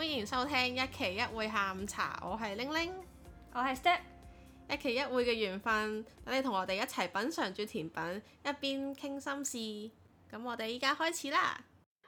歡迎收聽一期一會下午茶，我係玲玲，我係 Step，一期一會嘅緣分，等你同我哋一齊品嘗住甜品，一邊傾心事。咁我哋依家開始啦。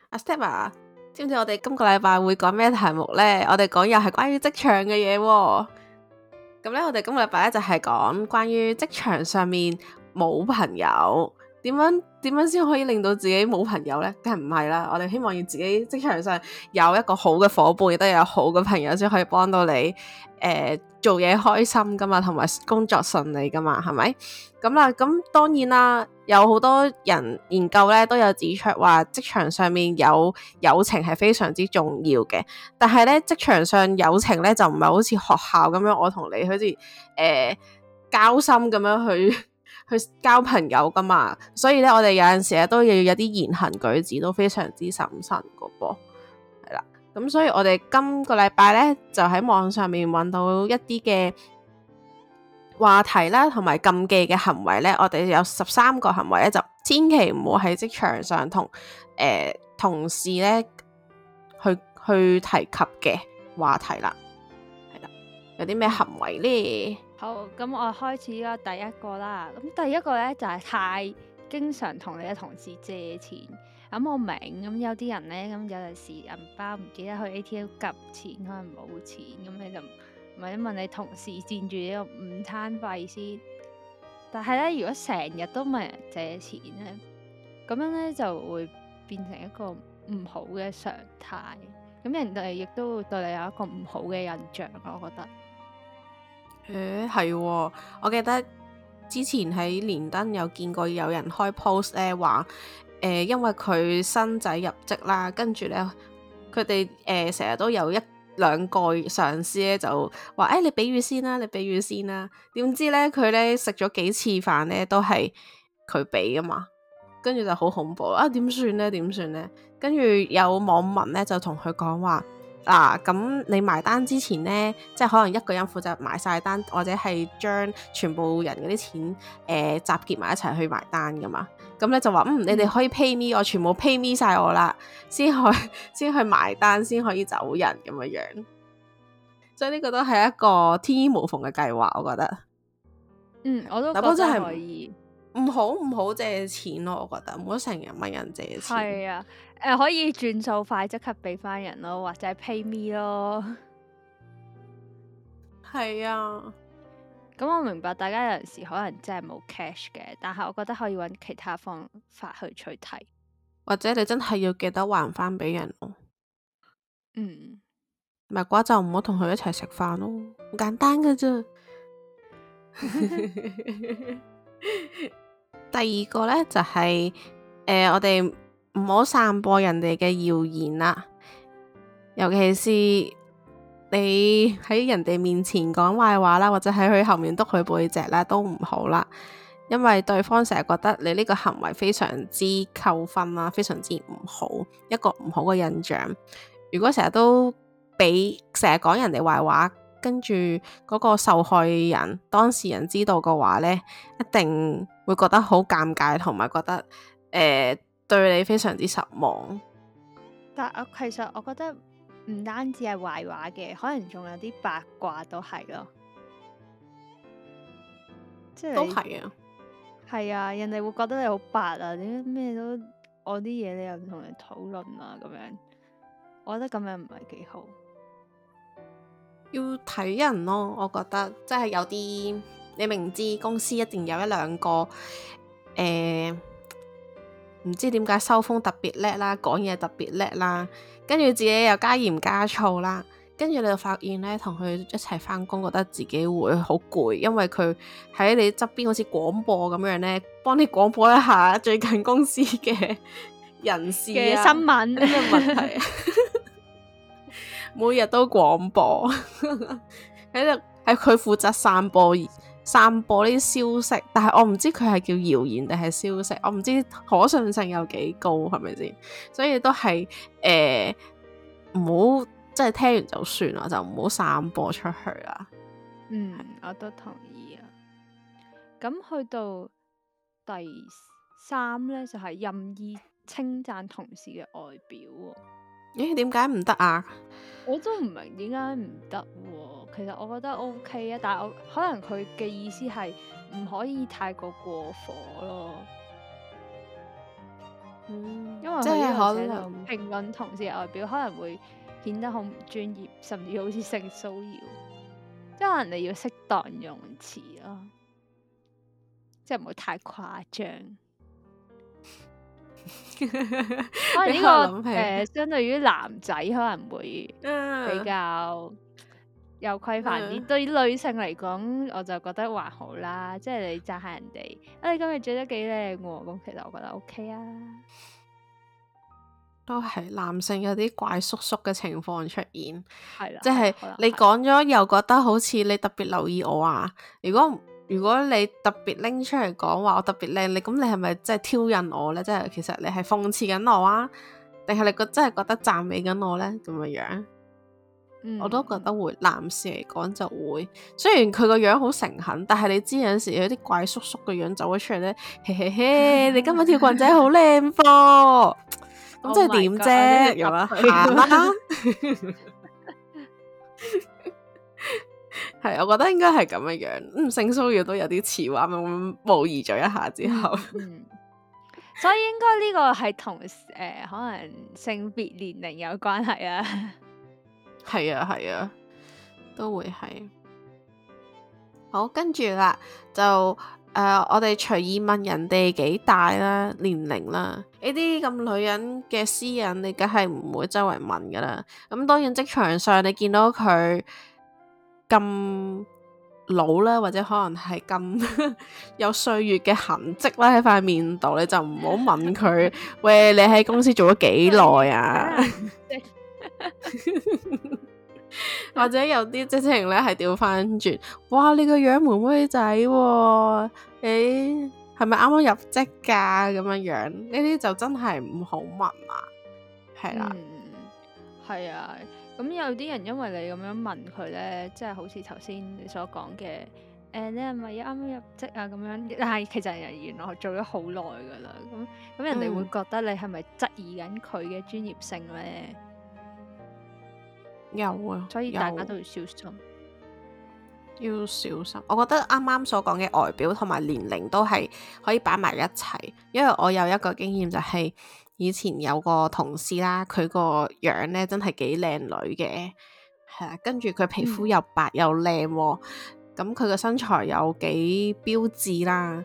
阿 Step 啊，知唔知我哋今個禮拜會講咩題目呢？我哋講又係關於職場嘅嘢。咁呢，我哋今個禮拜呢就係講關於職場上面冇朋友。點樣點樣先可以令到自己冇朋友呢？梗係唔係啦！我哋希望要自己職場上有一個好嘅伙伴，都有好嘅朋友先可以幫到你。誒、呃，做嘢開心噶嘛，同埋工作順利噶嘛，係咪？咁啦，咁當然啦，有好多人研究咧，都有指出話職場上面有友情係非常之重要嘅。但係咧，職場上友情咧就唔係好似學校咁樣我，我同你好似誒、呃、交心咁樣去。去交朋友噶嘛，所以咧，我哋有陣時咧，都要有啲言行舉止都非常之審慎噶噃，係啦。咁所以，我哋今個禮拜咧，就喺網上面搵到一啲嘅話題啦，同埋禁忌嘅行為咧，我哋有十三個行為咧，就千祈唔好喺職場上同誒、呃、同事咧去去提及嘅話題啦，係啦，有啲咩行為咧？好，咁我開始啦，第一個啦，咁第一個咧就係、是、太經常同你嘅同事借錢，咁、嗯、我明，咁有啲人咧，咁有陣時銀包唔記得去 ATM 撳錢，可能冇錢，咁你就問一問你同事墊住呢個午餐費先。但係咧，如果成日都問人借錢咧，咁樣咧就會變成一個唔好嘅常態，咁人哋亦都會對你有一個唔好嘅印象，我覺得。誒，係、欸，我記得之前喺連登有見過有人開 post 咧，話、呃、誒，因為佢新仔入職啦，跟住咧，佢哋誒成日都有一兩個上司咧，就話誒、欸，你俾住先啦，你俾住先啦，點知咧佢咧食咗幾次飯咧，都係佢俾噶嘛，跟住就好恐怖啊，點算咧？點算咧？跟住有網民咧就同佢講話。嗱，咁、啊、你埋單之前呢，即係可能一個人負責埋晒單，或者係將全部人嗰啲錢誒、呃、集結埋一齊去埋單噶嘛。咁咧就話嗯，嗯你哋可以 pay me，我全部 pay me 晒我啦，先去先去埋單，先可以走人咁樣樣。所以呢個都係一個天衣無縫嘅計劃，我覺得。嗯，我都覺得真係可以。唔好唔好借錢咯，我覺得唔好成日問人借錢。係啊，誒、呃、可以轉數快即刻俾翻人咯，或者 pay me 咯。係啊，咁我明白大家有陣時可能真係冇 cash 嘅，但係我覺得可以揾其他方法去取替，或者你真係要記得還翻俾人咯。嗯，咪係就唔好同佢一齊食飯咯，好簡單嘅啫。 第二個呢，就係，誒，呃，我哋唔好散播人哋嘅謠言啦，尤其是你喺人哋面前講壞話啦，或者喺佢後面督佢背脊啦，都唔好啦，因為對方成日覺得你呢個行為非常之扣分啦，非常之唔好，一個唔好嘅印象。如果成日都俾，成日講人哋壞話。跟住嗰個受害人、當事人知道嘅話呢，一定會覺得好尷尬，同埋覺得誒，對你非常之失望。但係其實我覺得唔單止係壞話嘅，可能仲有啲八卦都係咯，即係都係啊，係啊，人哋會覺得你好白啊，點解咩都我啲嘢你又唔同人討論啊？咁樣，我覺得咁樣唔係幾好。要睇人咯，我覺得真係有啲，你明知公司一定有一兩個，誒、呃，唔知點解收風特別叻啦，講嘢特別叻啦，跟住自己又加鹽加醋啦，跟住你就發現呢，同佢一齊返工，覺得自己會好攰，因為佢喺你側邊好似廣播咁樣呢，幫你廣播一下最近公司嘅人事嘅、啊、新聞咩 問題？ 每日都廣播喺度，係 佢負責散播、散播啲消息，但係我唔知佢係叫謠言定係消息，我唔知可信性有幾高，係咪先？所以都係誒，唔好，即係聽完就算啦，就唔好散播出去啦。嗯，我都同意啊。咁去到第三咧，就係任意稱讚同事嘅外表。咦？點解唔得啊？我都唔明點解唔得喎。其實我覺得 OK 啊，但係我可能佢嘅意思係唔可以太過過火咯。嗯，因為佢可能評論同事外表可能會顯得好唔專業，甚至好似性騷擾。即係可能你要適當用詞咯，啊，即係唔好太誇張。 可能呢、這個誒、 呃，相對於男仔可能會比較有規範啲， 對於女性嚟講，我就覺得還好啦。即、就、係、是、你讚下人哋，啊、哎、你今日着得幾靚喎！咁其實我覺得 O、OK、K 啊，都係男性有啲怪叔叔嘅情況出現，係啦、 就是，即係你講咗又覺得好似你特別留意我啊！如果如果你特別拎出嚟講話我特別靚，你咁你係咪真係挑釁我呢？即係其實你係諷刺緊我啊？定係你個真係覺得讚美緊我呢？咁樣樣，嗯、我都覺得會，男士嚟講就會。雖然佢個樣好誠懇，但係你知有陣時有啲怪叔叔嘅樣走咗出嚟呢。嘿嘿嘿，你今日條裙仔好靚噃，咁即係點啫？咁啊，哈哈 係，我覺得應該係咁嘅樣，唔性騷擾都有啲似話，咪咁模疑咗一下之後，嗯、所以應該呢個係同誒可能性別年齡有關係啊。係 啊係啊，都會係。好，跟住啦，就誒、呃、我哋隨意問人哋幾大啦，年齡啦，呢啲咁女人嘅私隱，你梗係唔會周圍問噶啦。咁當然職場上你見到佢。咁老咧，或者可能係咁 有歲月嘅痕迹啦喺塊面度，你就唔好問佢 喂，你喺公司做咗幾耐啊？ 或者有啲職情咧係調翻轉，哇，你個樣妹妹仔，誒、欸，係咪啱啱入職噶、啊？咁樣樣呢啲就真係唔好問啊，係啦，係、嗯、啊。咁有啲人因為你咁樣問佢咧，即係好似頭先你所講嘅，誒，你係咪啱啱入職啊？咁樣，但係其實人原來做咗好耐噶啦，咁咁人哋會覺得你係咪質疑緊佢嘅專業性咧？嗯，有啊，所以大家都要小心，要小心。我覺得啱啱所講嘅外表同埋年齡都係可以擺埋一齊，因為我有一個經驗就係。.以前有個同事啦，佢個樣咧真係幾靚女嘅，係啦，跟住佢皮膚又白又靚，哦，咁佢個身材又幾標緻啦，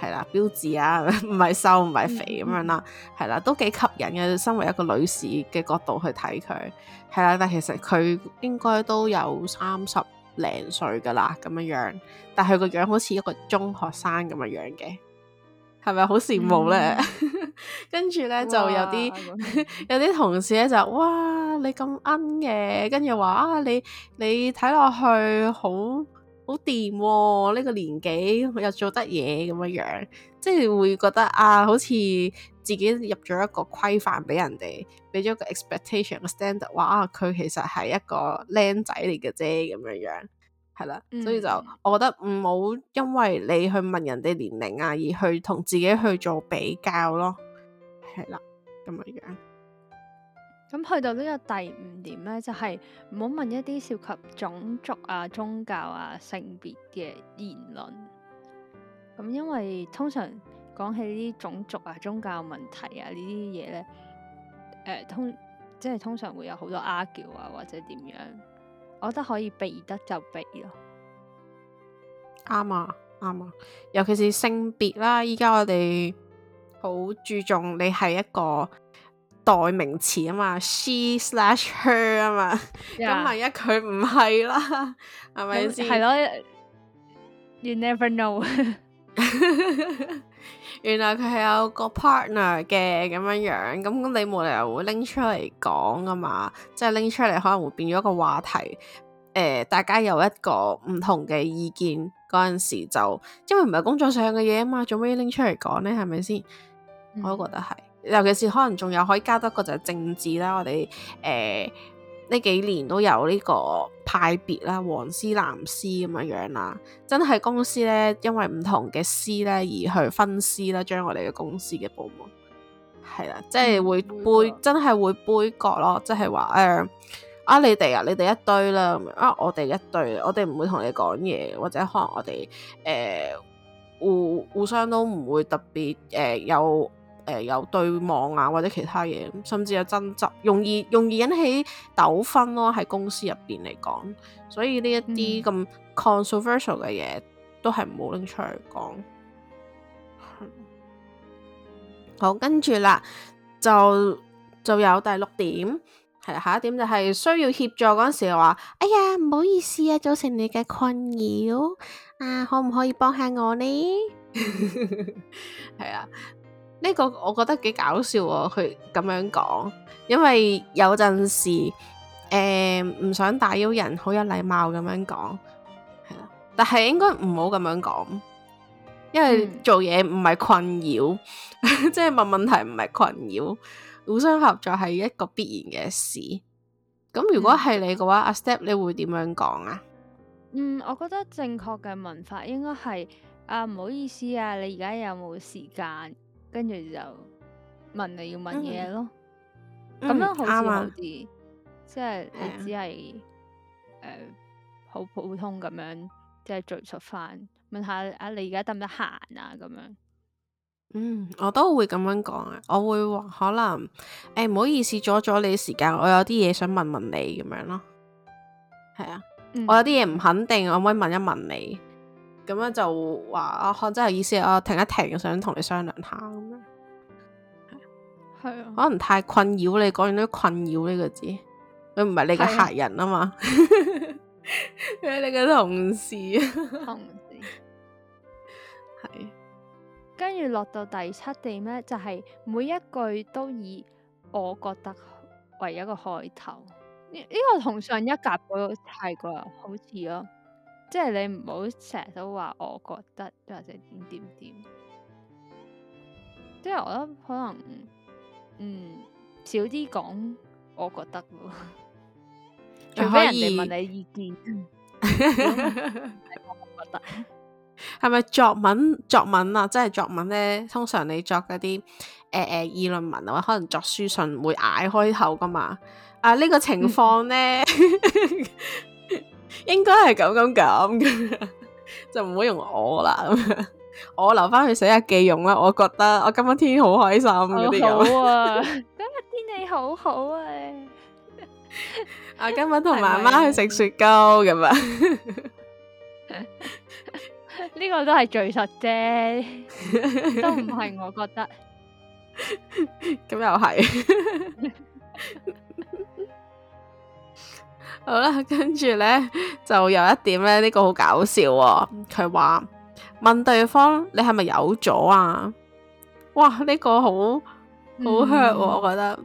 係啦，標緻啊，唔 係瘦唔係肥咁，嗯嗯，樣啦，係啦，都幾吸引嘅。身為一個女士嘅角度去睇佢，係啦，但其實佢應該都有三十零歲噶啦，咁樣樣，但佢個樣好似一個中學生咁樣樣嘅。係咪好羨慕咧？跟住咧就有啲 有啲同事咧就哇你咁奀嘅，跟住話啊你你睇落去好好掂喎，呢、哦呢個年紀又做得嘢咁樣樣，即係會覺得啊，好似自己入咗一個規範俾人哋，俾咗個 expectation 個 standard，話啊，佢其實係一個僆仔嚟嘅啫咁樣樣。係啦，嗯、所以就我覺得唔好因為你去問人哋年齡啊，而去同自己去做比較咯。係啦，咁啊，而咁、嗯、去到呢個第五點咧，就係唔好問一啲涉及種族啊、宗教啊、性別嘅言論。咁、嗯、因為通常講起呢種族啊、宗教問題啊呢啲嘢咧，誒、呃，通即係通常會有好多拗撬啊，或者點樣。我覺得可以避得就避咯，啱、嗯、啊啱啊，尤其是性別啦，依家我哋好注重你係一個代名詞啊嘛，she slash her 啊嘛，咁萬一佢唔係啦，係咪先？係咯吧，You never know。 原來佢係有個 partner 嘅，咁樣樣，咁咁你冇理由會拎出嚟講啊嘛，即係拎出嚟可能會變咗一個話題，誒、呃，大家有一個唔同嘅意見嗰陣時就，因為唔係工作上嘅嘢啊嘛，做咩拎出嚟講呢？係咪先？我都覺得係，嗯、尤其是可能仲有可以加多個就係政治啦，我哋誒。呃呢幾年都有呢個派別啦，黃絲、藍絲咁樣樣啦，真係公司咧，因為唔同嘅絲咧而去分絲啦，將我哋嘅公司嘅部門係啦，即係會杯、嗯、真係會杯角杯葛咯，即係話誒啊你哋啊，你哋一堆啦，啊我哋一堆，我哋唔會同你講嘢，或者可能我哋誒、呃、互互相都唔會特別誒、呃、有。誒，有對望啊，或者其他嘢，甚至有爭執，容易容易引起糾紛咯。喺公司入邊嚟講，所以呢一啲咁 controversial 嘅嘢都係唔好拎出去講。 好，跟住啦，就就有第六點，係下一點就係需要協助嗰陣時話，哎呀，唔好意思啊，造成你嘅困擾啊，可唔可以幫下我呢？係 啊。呢個我覺得幾搞笑喎，佢咁樣講，因為有陣時誒唔想打擾人，好有禮貌咁樣講係啦，但係應該唔好咁樣講，因為做嘢唔係困擾，即係、嗯、 問問題唔係困擾，互相合作係一個必然嘅事。咁如果係你嘅話，阿、嗯、Step 你會點樣講啊？嗯，我覺得正確嘅文法應該係啊，唔好意思啊，你而家有冇時間？跟住就問你要問嘢咯，咁樣好似好啲，嗯、即係你只係誒好普通咁樣，即係敍述翻問下有有啊，你而家得唔得閒啊？咁樣，嗯，我都會咁樣講啊，我會話可能誒唔、哎、好意思阻咗你時間，我有啲嘢想問問你咁樣咯，係啊，嗯、我有啲嘢唔肯定，可唔可以問一問你？咁樣就話阿漢真係意思啊，停一停，想同你商量下咁樣，係啊，可能太困擾你，講完都困擾呢個字，佢唔係你嘅客人啊嘛，啊 你嘅同事，同事，係。跟住落到第七點咧，就係、是、每一句都以我覺得為一個開頭，呢、這、呢個同上一格嗰個太過好似咯、哦。即係你唔好成日都話我覺得，或者點點點，即係我覺得可能，嗯，少啲講我覺得咯，除非人哋問你意見，係咪、 嗯、 作文？作文啊，即係作文咧，通常你作嗰啲誒誒議論文啊，可能作書信會寫開頭噶嘛，啊呢、呢個情況咧。 應該係咁咁咁就唔好用我啦。 我留翻去寫日記用啦。我覺得我今日天氣好開心、哦。好啊， 今日天氣好好啊。啊， 今日同媽媽去食雪糕咁啊。呢個 都係敘述啫，都唔係我覺得。咁又係。好啦，跟住咧就有一點咧呢、這個好搞笑、哦，佢話問對方你係咪有咗啊？哇，呢、這個好好 hurt，我覺得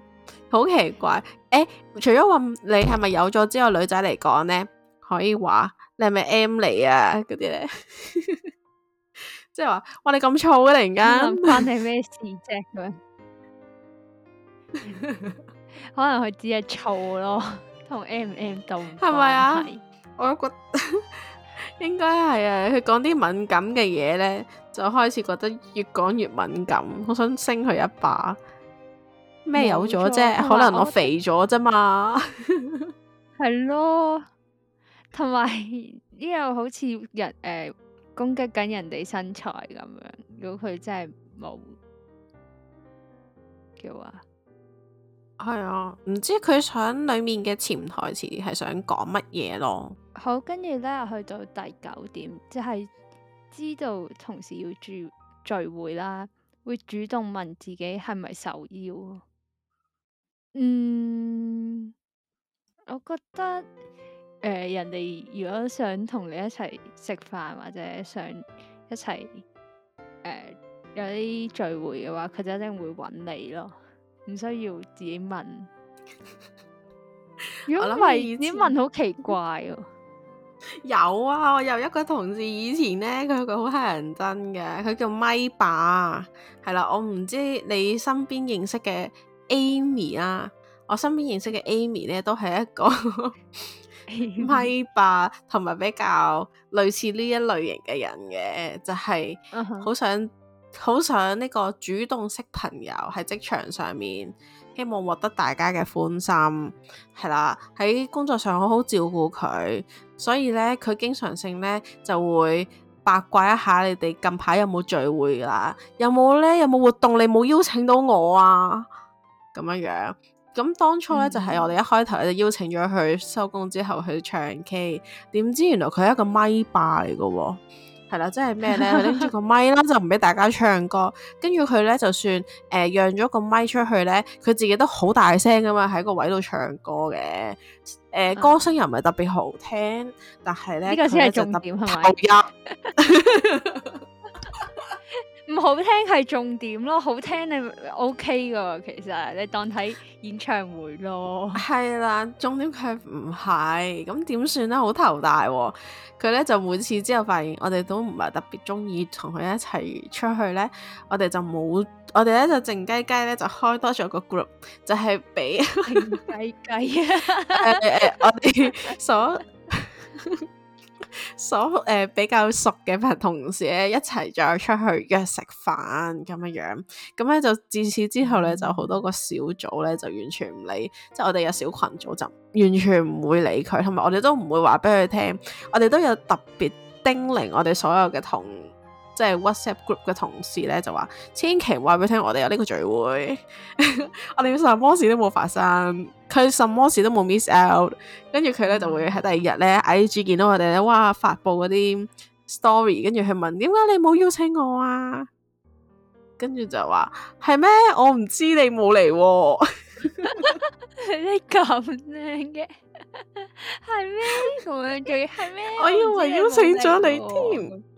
好奇怪。誒，除咗話你係咪有咗之外，女仔嚟講咧可以話你係咪 M 嚟啊？嗰啲咧， 即係話哇你咁燥嘅，突然間，關你咩事啫？可能佢只係燥咯。同 M M 都唔關係吧，是我都有覺 應該係啊。佢講啲敏感嘅嘢咧，就開始覺得越講越敏感。我想升佢一把，咩了有咗啫？可能我肥咗啫嘛，係 咯。同埋呢個好似人誒、呃、攻擊緊人哋身材咁樣。如果佢真係冇嘅話。係啊，唔、哎、知佢想裏面嘅潛台詞係想講乜嘢咯。好，跟住咧去到第九點，即、就、係、是，知道同事要聚聚會啦，會主動問自己係咪受邀。嗯，我覺得誒，呃、人哋如果想同你一齊食飯或者想一齊誒、呃、有啲聚會嘅話，佢就一定會揾你咯。唔需要自己問。如果唔係自己問好奇怪哦、啊。 有啊，我有一個同事以前咧，佢有個好乞人憎嘅，佢叫咪爸。係啦、啊，我唔知你身邊認識嘅 Amy 啦、啊，我身邊認識嘅 Amy 咧，都係一個咪爸，同埋比較類似呢一類型嘅人嘅，就係、是、好想。好想呢個主動識朋友喺職場上面，希望獲得大家嘅歡心，係啦，喺工作上好好照顧佢，所以咧佢經常性咧就會八卦一下你哋近排有冇聚會啦，有冇咧有冇活動你冇邀請到我啊咁樣樣，咁當初咧、嗯、就係我哋一開頭就邀請咗佢收工之後去唱 K，點知原來佢係一個咪霸嚟嘅喎。係啦， 即係咩咧？佢拎住個咪啦，就唔俾大家唱歌。跟住佢咧，就算誒、呃、讓咗個咪出去咧，佢自己都好大聲㗎嘛，喺個位度唱歌嘅。誒、呃，歌聲又唔係特別好聽，但係咧呢，啊、呢個先係重點係咪？ 唔好聽係重點咯，好聽你 O K 噶，其實你當睇演唱會咯。係啦，重點佢唔係，咁點算咧？好頭大，佢咧就每次之後發現我，我哋都唔係特別中意同佢一齊出去咧，我哋就冇，我哋咧就靜雞雞咧就開多咗個 group，就係俾佢計計啊！誒誒，我哋所。 所誒、呃、比較熟嘅朋同事咧一齊再出去約食飯咁嘅樣，咁咧就自此之後咧就好多個小組咧就完全唔理，即係我哋有小群組就完全唔會理佢，同埋我哋都唔會話俾佢聽，我哋都有特別叮嚀我哋所有嘅同。即係 WhatsApp group 嘅同事咧，就話千祈唔話俾佢聽，我哋有呢個聚會， 我哋要什麼事都冇發生，佢什麼事都冇 miss out，跟住佢咧就會喺第二日咧 IG 見到我哋咧，哇發布嗰啲 story，跟住佢問點解你冇邀請我啊？跟住就話係咩？我唔知你冇嚟、啊， 你咁靚嘅係咩？聚會係咩？我，啊、 我以為邀請咗你添。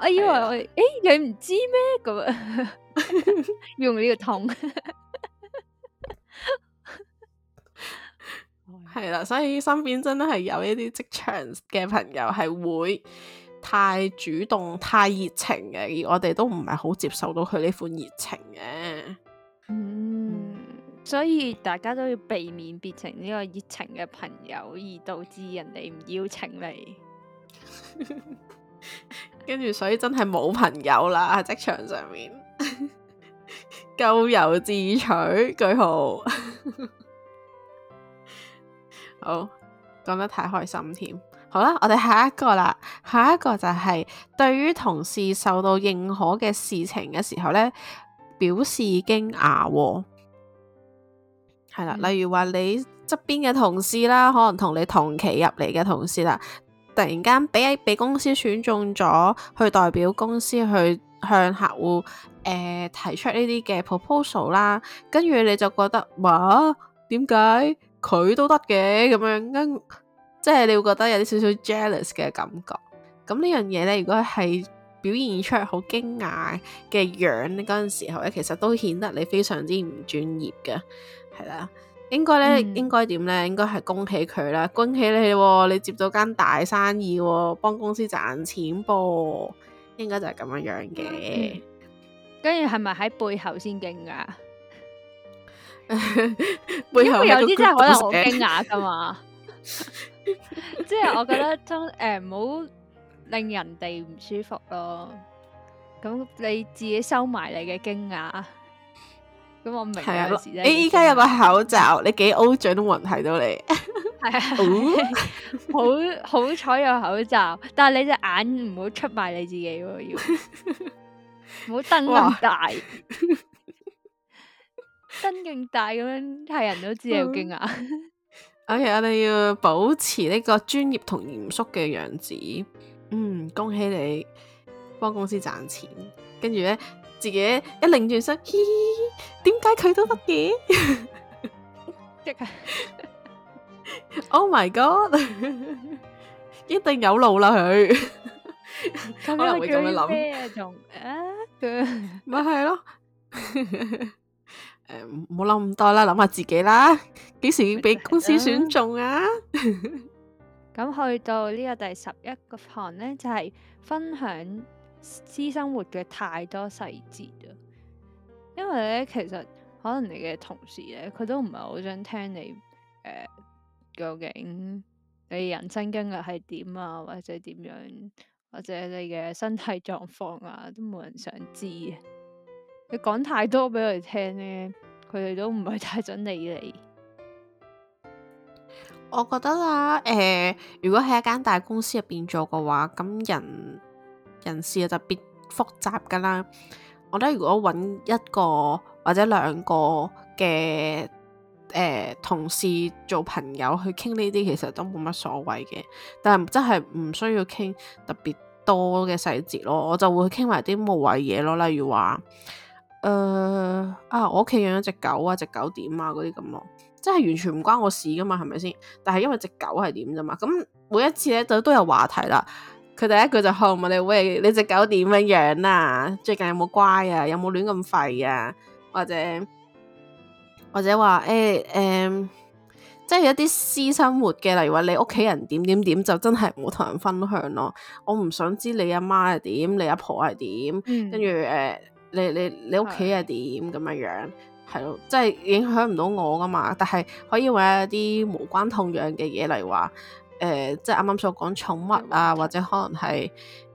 我以為我誒的、欸，你唔知咩咁啊？用呢個桶係啦， 所以身邊真係有一啲職場嘅朋友係會太主動、太熱情嘅，而我哋都唔係好接受到佢呢款熱情嘅。嗯，所以大家都要避免變成呢個熱情嘅朋友，而導致人哋唔邀請你。 跟住， 所以真係冇朋友啦喺職場上面，咎 由自取。句號， 好講得太開心添。好啦，我哋下一個啦，下一個就係、是、對於同事受到認可嘅事情嘅時候呢，表示驚訝。係啦，例如話你側邊嘅同事啦，可能同你同期入嚟嘅同事啦。突然間俾俾公司選中咗，去代表公司去向客戶誒、呃、提出呢啲嘅 proposal 啦，跟住你就覺得哇，點解佢都得嘅咁樣，即係你會覺得有啲少少 jealous 嘅感覺。咁呢樣嘢咧，如果係表現出好驚訝嘅樣嗰陣時候咧，其實都顯得你非常之唔專業嘅，係啦。應該咧，應該點咧？應該係恭喜佢啦，恭喜你、哦，你接咗間大生意、哦，幫公司賺錢噃、哦，應該就係咁樣樣嘅。跟住係咪喺背後先驚噶？ 背後有啲真係可能好驚訝噶嘛， 即係我覺得真誒唔好令人哋唔舒服咯。咁你自己收埋你嘅驚訝。咁我明啊！誒，依家有個口罩，你幾 o 嘴都冇人睇到你。係啊，好，好彩有口罩，但係你隻眼唔好出賣你自己，要唔好瞪咁大，瞪咁哇 大咁樣係人都知又驚訝。ok，我哋要保持呢個專業同嚴肅嘅樣子。嗯，恭喜你幫公司賺錢，跟住咧。自己一擰轉身，點解佢都得嘅？Oh my god！一定有路啦佢，可能會咁樣諗。咪係咯，誒，唔好諗咁多啦，諗下自己啦。幾時俾公司選中啊？咁去到呢個第十一個行咧，就係分享私生活嘅太多細節，因為咧，其實可能你嘅同事咧，佢都唔係好想聽你誒、呃，究竟你人生經歷係點啊，或者點樣，或者你嘅身體狀況啊，都冇人想知啊。你講太多俾佢哋聽咧，佢哋都唔係太想理你。我覺得啦，誒、呃，如果喺一間大公司入邊做嘅話，咁人。人事啊，特別複雜噶啦。我覺得如果揾一個或者兩個嘅誒、呃、同事做朋友去傾呢啲，其實都冇乜所謂嘅。但係真係唔需要傾特別多嘅細節咯。我就會傾埋啲無謂嘢咯，例如話，誒、呃、啊，我屋企養咗隻狗，隻狗啊，隻狗點啊嗰啲咁咯，即係完全唔關我的事噶嘛，係咪先？但係因為隻狗係點啫嘛，咁每一次咧就都有話題啦。佢第一句就喊我哋，喂，你隻狗點樣樣啊？最近有冇乖啊？有冇亂咁吠啊？或者或者話誒誒，即係一啲私生活嘅，例如話你屋企人點點點，就真係唔好同人分享咯。我唔想知你阿媽係點，你阿婆係點，跟住誒，你你你屋企係點咁樣樣，係咯的，即係影響唔到我㗎嘛。但係可以話一啲無關痛癢嘅嘢嚟話。例如誒、呃，即係啱啱所講寵物啊，嗯、或者可能係誒、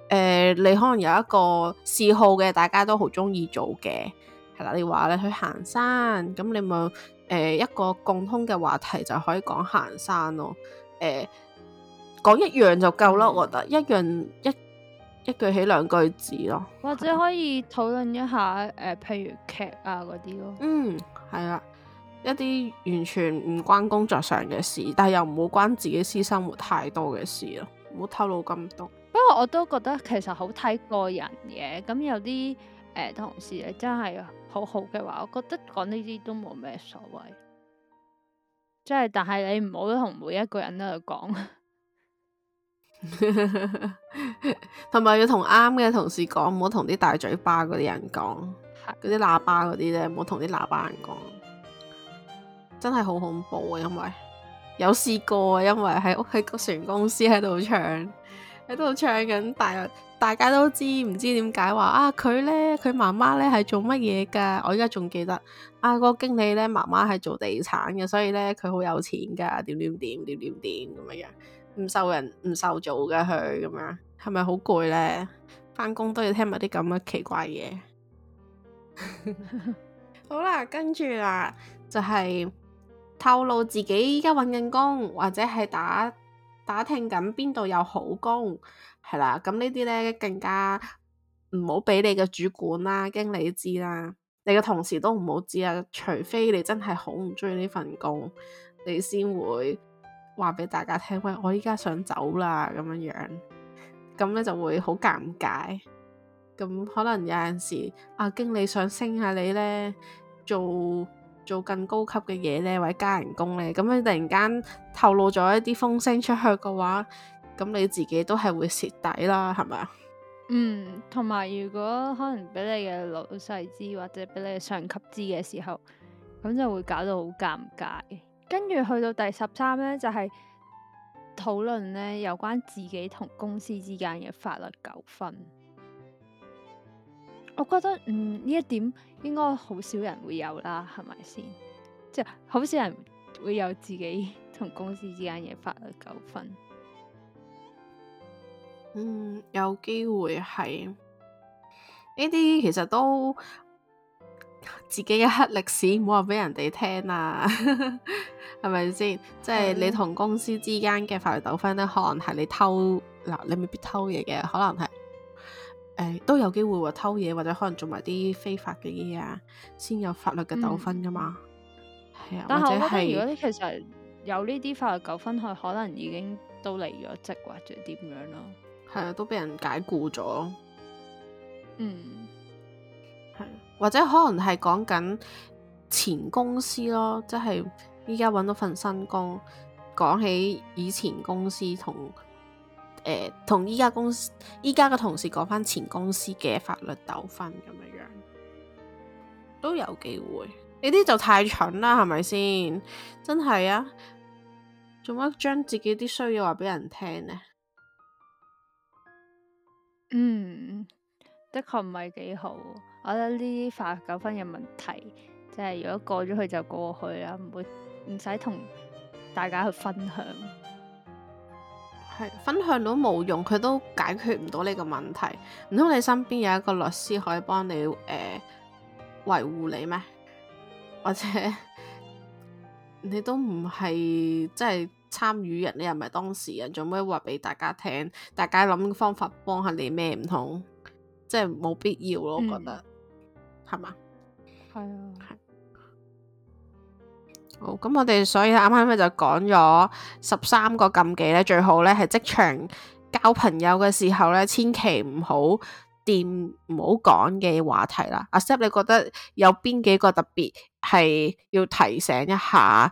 呃，你可能有一個嗜好嘅，大家都好中意做嘅，係啦。你話你去行山，咁你咪誒、呃、一個共通嘅話題就可以講行山咯。誒、呃，講一樣就夠咯，我覺得一樣一一句起兩句止咯。或者可以討論一下誒的、呃，譬如劇啊嗰啲咯。嗯，係啦。一啲完全唔關工作上嘅事，但係又唔好關自己私生活太多嘅事咯，唔好透露咁多。不過我都覺得其實好睇個人嘅，咁有啲誒、呃、同事咧真係好好嘅話，我覺得講呢啲都冇咩所謂。即、就、係、是，但係你唔好同每一個人都喺度講，同 埋 要同啱嘅同事講，唔好同啲大嘴巴嗰啲人講，嗰啲的喇叭嗰啲咧，唔好同啲喇叭人講。真係好恐怖啊！因為有試過，因為喺屋企個船公司喺度唱，喺度唱緊，大大家都知唔知點解話啊？佢呢？佢媽媽呢？係做乜嘢噶？我而家仲記得啊，個經理呢，媽媽係做地產嘅，所以呢，佢好有錢噶，點點點點點點咁樣，唔受人唔受造噶佢咁樣，係咪好攰呢？翻工都要聽埋啲咁嘅奇怪嘢。 好啦，跟住啦，就係、是。透露自己依家搵緊工或者係打打聽緊邊度有好工，係啦。咁呢啲咧，更加唔好俾你嘅主管啦、經理知啦，你嘅同事都唔好知啊。除非你真係好唔中意呢份工，你先會話俾大家聽，喂，我依家想走啦咁樣樣，咁咧就會好尷尬。咁可能有陣時啊，經理想升下你咧做做更高級嘅嘢呢，或者加人工呢，咁你突然間透露咗一啲風聲出去嘅話，咁你自己都係會蝕底啦，係咪啊？嗯，同埋如果可能俾你嘅老細知，或者俾你上級知嘅時候，咁就會搞到好尷尬。跟住去到第十三呢，就係討論呢有關自己同公司之間嘅法律糾紛。我覺得嗯呢一點應該好少人會有啦，係咪先？即係好少人會有自己同公司之間嘅法律糾紛。嗯，有機會係呢啲，其實都自己嘅黑歷史，唔好話俾人哋聽啦，係咪先？即係你同公司之間嘅法律糾紛咧，可能係你偷嗱、呃，你未必偷嘢嘅，可能係。誒、哎，都有機會話、哦、偷嘢，或者可能做埋啲非法嘅嘢啊，先有法律嘅糾紛㗎嘛。係、嗯、啊，但或者係，如果你其實有呢啲法律糾紛，佢可能已經都離咗職，或者點樣咯。係啊，都俾人解雇咗。嗯，係、啊，或者可能係講緊前公司咯，即係依家揾到份新工，講起以前公司同。誒，同依家公司、依家嘅同事講翻前公司嘅法律糾紛咁樣樣，都有機會。呢啲就太蠢啦，係咪先？真係啊，做乜將自己啲衰嘢話俾人聽呢？嗯，的確唔係幾好。我覺得呢啲法律糾紛嘅問題，即係如果過咗去就過去啦，唔會唔使同大家去分享。係分享到冇用，佢都解決唔到呢個問題。唔通，你身邊有一個律師可以幫你誒，維護你咩？或者你都唔係即係參與人，你又唔係當事人，做咩話俾大家聽？大家諗方法幫下你咩唔同？即係冇必要咯，我覺得係嘛？係啊嗎。嗯好，咁、哦、我哋所以啱啱咪就講咗十三個禁忌咧，最好咧係職場交朋友嘅時候咧，千祈唔好掂唔好講嘅話題啦。阿 Sir，你覺得有邊幾個特別係要提醒一下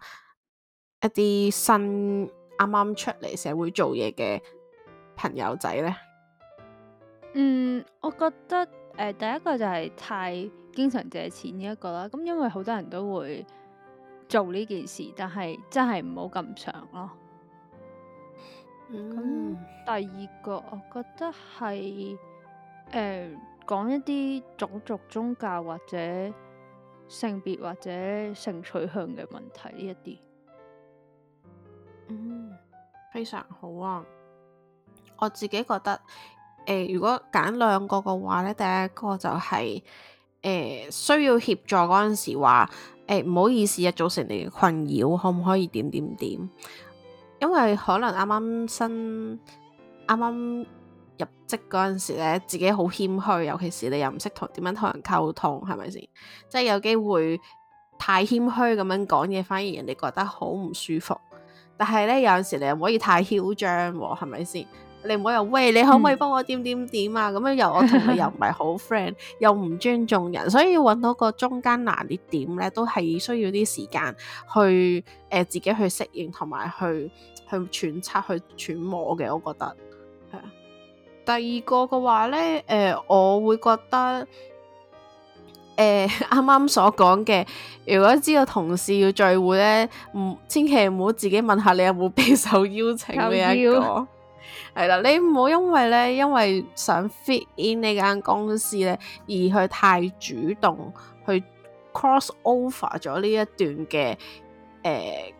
一啲新啱啱出嚟社會做嘢嘅朋友仔咧？嗯，我覺得誒、呃，第一個就係太經常借錢呢一個啦。咁因為好多人都會。做呢件事，但係真係唔好咁長咯。咁、嗯、第二個，我覺得係誒、呃、講一啲種族、宗教或者性別或者性取向嘅問題呢一啲。嗯、非常好啊！我自己覺得誒、呃，如果揀兩個嘅話咧，第一個就係、是、誒、呃、需要協助嗰陣時話。誒，唔好意思啊，造成你嘅困擾，可唔可以點點點？因為可能啱啱新啱啱入職嗰陣時咧，自己好謙虛，尤其是你又唔識同點樣同人溝通，係咪先？即係有機會太謙虛咁樣講嘢，反而人哋覺得好唔舒服。但係咧，有陣時你又唔可以太囂張，係咪先？你唔好又喂，你可唔可以幫我點點點啊？咁、嗯、樣又我同佢又唔係好 friend， 又唔尊重人，所以揾到個中間難啲點咧，都係需要啲時間去誒、呃，自己去適應同埋去去揣測、去揣摩嘅。我覺得係啊。第二個嘅話咧，誒、呃，我會覺得誒，啱、呃、啱所講嘅，如果知道同事要聚會咧，唔千祈唔好自己問下你有冇備受邀請嘅一個。係啦，你唔好因為咧，因為想 fit in 呢間公司咧，而去太主動去 cross over 咗呢一段嘅誒、呃、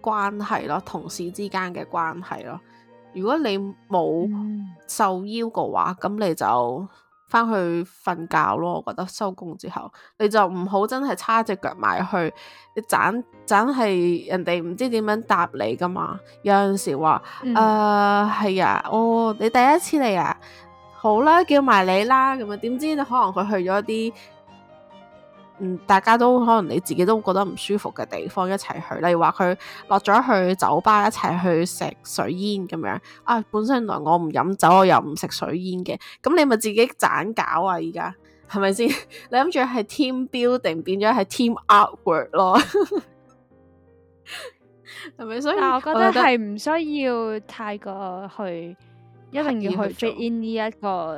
關係咯，同事之間嘅關係咯。如果你冇受邀嘅話，咁你就。翻去瞓覺咯，我覺得收工之後你就唔好真係叉隻腳埋去，你盞盞係人哋唔知點樣答你㗎嘛。有陣時話誒係啊，哦，你第一次嚟啊，好啦，叫埋你啦咁啊，點知你可能佢去咗啲。嗯，大家都可能你自己都覺得唔舒服嘅地方一齊去，例如話佢落咗去酒吧一齊去食水煙咁樣啊！本身原來我唔飲酒，我又唔食水煙嘅，咁你咪自己斬搞啊！而家係咪先？ 你諗住係 team building 變咗係 team outward 咯？係咪所以？但係我覺得係唔需要太過去，一定要去 fit in 呢一個。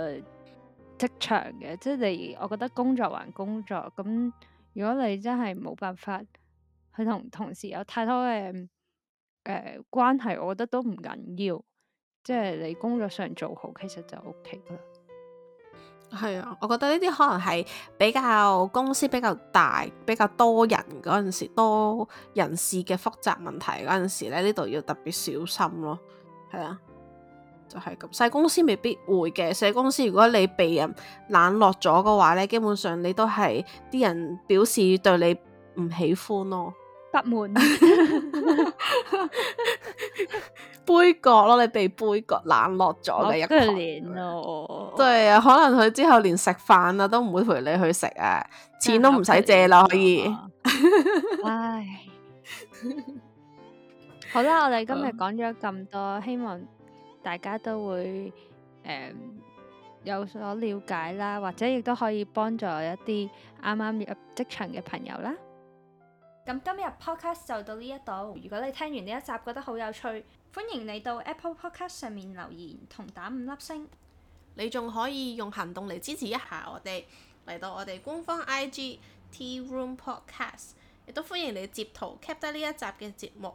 職場嘅，即係你，我覺得工作還工作咁。如果你真係冇辦法去同同事有太多嘅誒、呃、關係，我覺得都唔緊要。即係你工作上做好，其實就 OK 啦。係啊，我覺得呢啲可能係比較公司比較大、比較多人嗰陣時，多人事嘅複雜問題嗰陣時咧，呢度要特別小心咯。係啊。就係咁，細公司未必會嘅。細公司如果你被人冷落咗嘅話咧，基本上你都係啲人表示對你唔喜歡咯，不滿，杯葛咯，你被杯葛冷落咗嘅一年咯。對啊，可能佢之後連食飯啊都唔會陪你去食啊，錢都唔使借啦，可以。唉， 好啦，我哋今日講咗咁多，好希望。大家都會誒、呃、有所了解啦，或者亦都可以幫助一啲啱啱入職場嘅朋友啦。咁今日 Podcast 就到呢一度，如果你聽完呢一集覺得好有趣，歡迎你到 Apple Podcast 上面留言同打五粒星。你仲可以用行動嚟支持一下我哋，嚟到我哋官方 IG Tea Room Podcast，亦都歡迎你接圖截圖 cap 得呢一集嘅節目。